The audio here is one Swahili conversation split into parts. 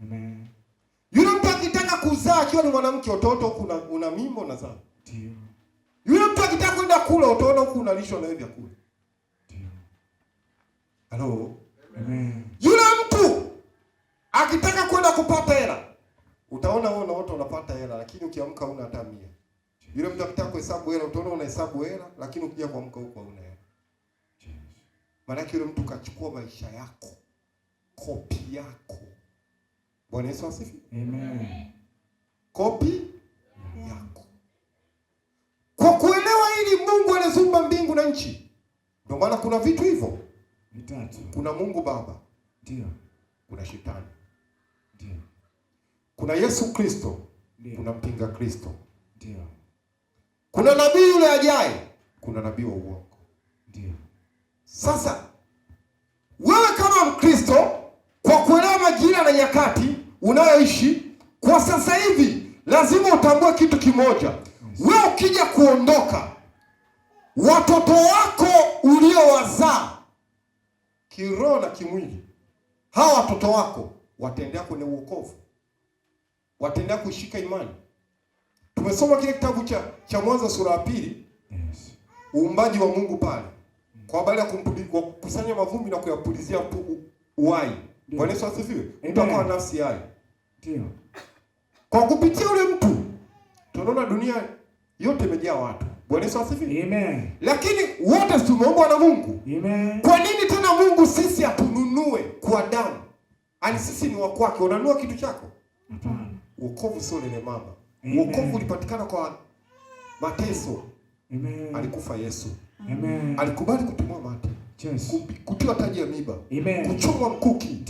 Yule mtu akitaka kuzaa akiwa ni mwanamke, utoto huku una, una mimba unazaa. Ndio. Yule mtu akitaka kwenda kula, utaona huku unalishwa na vyakula. Ndio. Halo. Amen. Yule mtu akitaka kwenda kupata hela, utaona wewe na watu unapata hela, lakini ukiamka huna hata mia. Yule mtu akitaka kuhesabu hela, utaona unahesabu hela, lakini ukija kuamka huko huna hela. Maana yule mtu kachukua maisha yako, kopi yako Bwana Yesu asifiwe. Amen. Kopi yako kwa kuelewa hili, Mungu aliziumba mbingu na nchi. Ndio maana kuna vitu hivyo vitatu, kuna Mungu Baba, ndio kuna shetani, ndio kuna Yesu Kristo, kuna mpinga Kristo, ndio kuna nabii yule ajaye, kuna nabii wa uongo. Ndio sasa wewe kama Mkristo, kwa kuelewa majira na nyakati unayoishi kwa sasa hivi, lazima utambue kitu kimoja. Wewe ukija kuondoka, watoto wako uliowazaa kiroho na kimwili, hawa watoto wako wataendea kwenye uokovu, wataendea kushika imani. Tumesoma kile kitabu cha cha Mwanzo sura ya pili, uumbaji wa Mungu pale, kwa habari ya kukusanya mavumbi na kuyapulizia uhai Bwana Yesu asifiwe. Mtu nafsi yale. Ndio. Kwa kupitia ule mtu tunaona dunia yote imejaa watu. Bwana Yesu asifiwe. Amen. Lakini wote tumeumbwa na Mungu. Amen. Kwa nini tena Mungu sisi atununue kwa damu? Ani sisi ni wa kwake, unanua kitu chako? Hapana. Wokovu sio lele mama. Wokovu ulipatikana kwa mateso. Amen. Alikufa Yesu. Amen. Alikubali kutumwa mate yes. kutiwa taji ya miba, kuchomwa mkuki,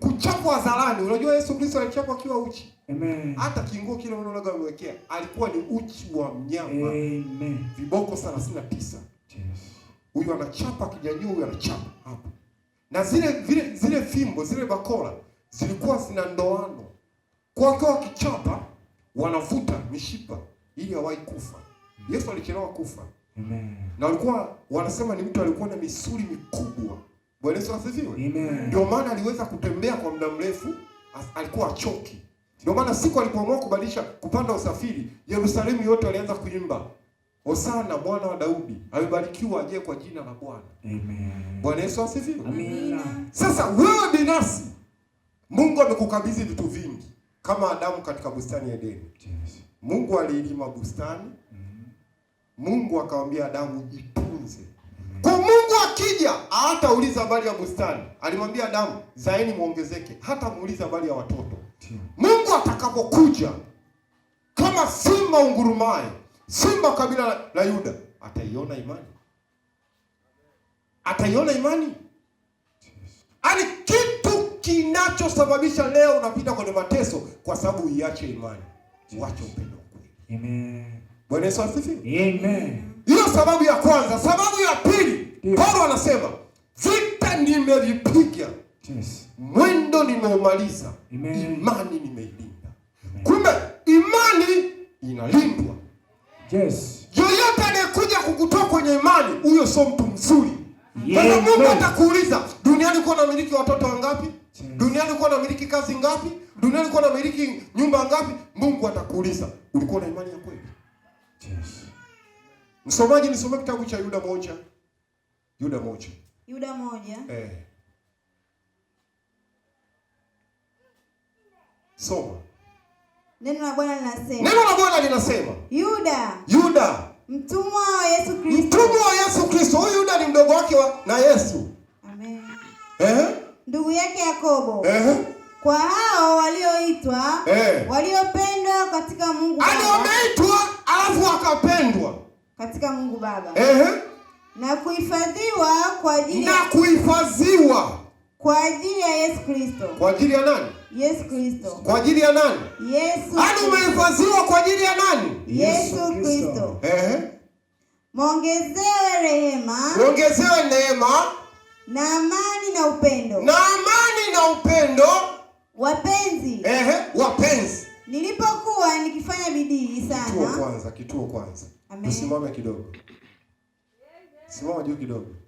kuchapwa hadharani. Unajua Yesu Kristo alichapwa akiwa uchi. Amen. Hata kiungo kile unaonaga amewekea alikuwa ni uchi wa mnyama. Amen. Viboko 39. Yes. Huyu anachapa kijanyua, huyu anachapa hapo. Na zile vile zile fimbo, zile bakora zilikuwa zina ndoano. Kwa kwa wakichapa wanavuta mishipa ili kufa. Yesu alichelewa kufa. Amen. Na walikuwa wanasema ni mtu alikuwa na misuli mikubwa. Bwana Yesu asifiwe. Ndio maana aliweza kutembea kwa muda mrefu, alikuwa achoki. Ndio maana siku alipoamua kubadilisha kupanda usafiri, Yerusalemu yote alianza kuimba Hosana mwana wa Daudi, amebarikiwa aje kwa jina la Bwana. Amen. Bwana Yesu asifiwe. Amen. Sasa wewe binafsi Mungu amekukabidhi vitu vingi kama Adamu katika bustani ya Edeni. Yes. Mungu alilima bustani Mungu akamwambia Adamu itunze Kwa Mungu akija uliza habari ya bustani. Alimwambia Adamu, zaeni muongezeke, hata muuliza habari ya watoto. Mungu atakapokuja kama simba ungurumaye, simba kabila la, Yuda, ataiona imani, ataiona imani. Ani kitu kinachosababisha leo unapita kwenye mateso kwa sababu uiache imani, uache upendo wa kweli. Amen. Bwana Yesu asifiwe. Amen. Hiyo sababu ya kwanza. Sababu ya pili, Paulo anasema vita nimevipiga, yes. Mwendo nimeumaliza, imani nimeilinda. Kumbe imani inalindwa, yes. Yoyote anayekuja kukutoa kwenye imani, huyo sio mtu mzuri. Sasa Mungu atakuuliza, duniani na miliki watoto wangapi? Duniani na miliki kazi ngapi? Duniani na miliki nyumba ngapi? Mungu atakuuliza, ulikuwa na imani ya kweli? Msomaji nisome kitabu cha Yuda moja. Yuda moja. Yuda moja. Eh. Soma. Neno la Bwana linasema. Neno la Bwana linasema. Yuda. Yuda. Mtumwa wa Yesu Kristo. Mtumwa wa Yesu Kristo. Huyu Yuda ni mdogo wake wa na Yesu. Amen. Eh? Ndugu yake Yakobo. Eh? Kwa hao walioitwa, eh, waliopendwa katika Mungu. Aliomeitwa alafu akapendwa katika Mungu Baba ehe, na kuhifadhiwa kwa ajili na kuhifadhiwa kwa ajili ya Yesu Kristo. Kwa ajili ya nani? Yesu Kristo. Kwa ajili ya nani? Yesu. Hadi yaani umehifadhiwa kwa ajili ya nani? Yesu Kristo. Ehe, muongezewe rehema, muongezewe neema na amani na upendo, na amani na upendo. Wapenzi, ehe, wapenzi, nilipokuwa nikifanya bidii sana. Kituo kwanza, kituo kwanza Tusimame kidogo, simama juu kidogo.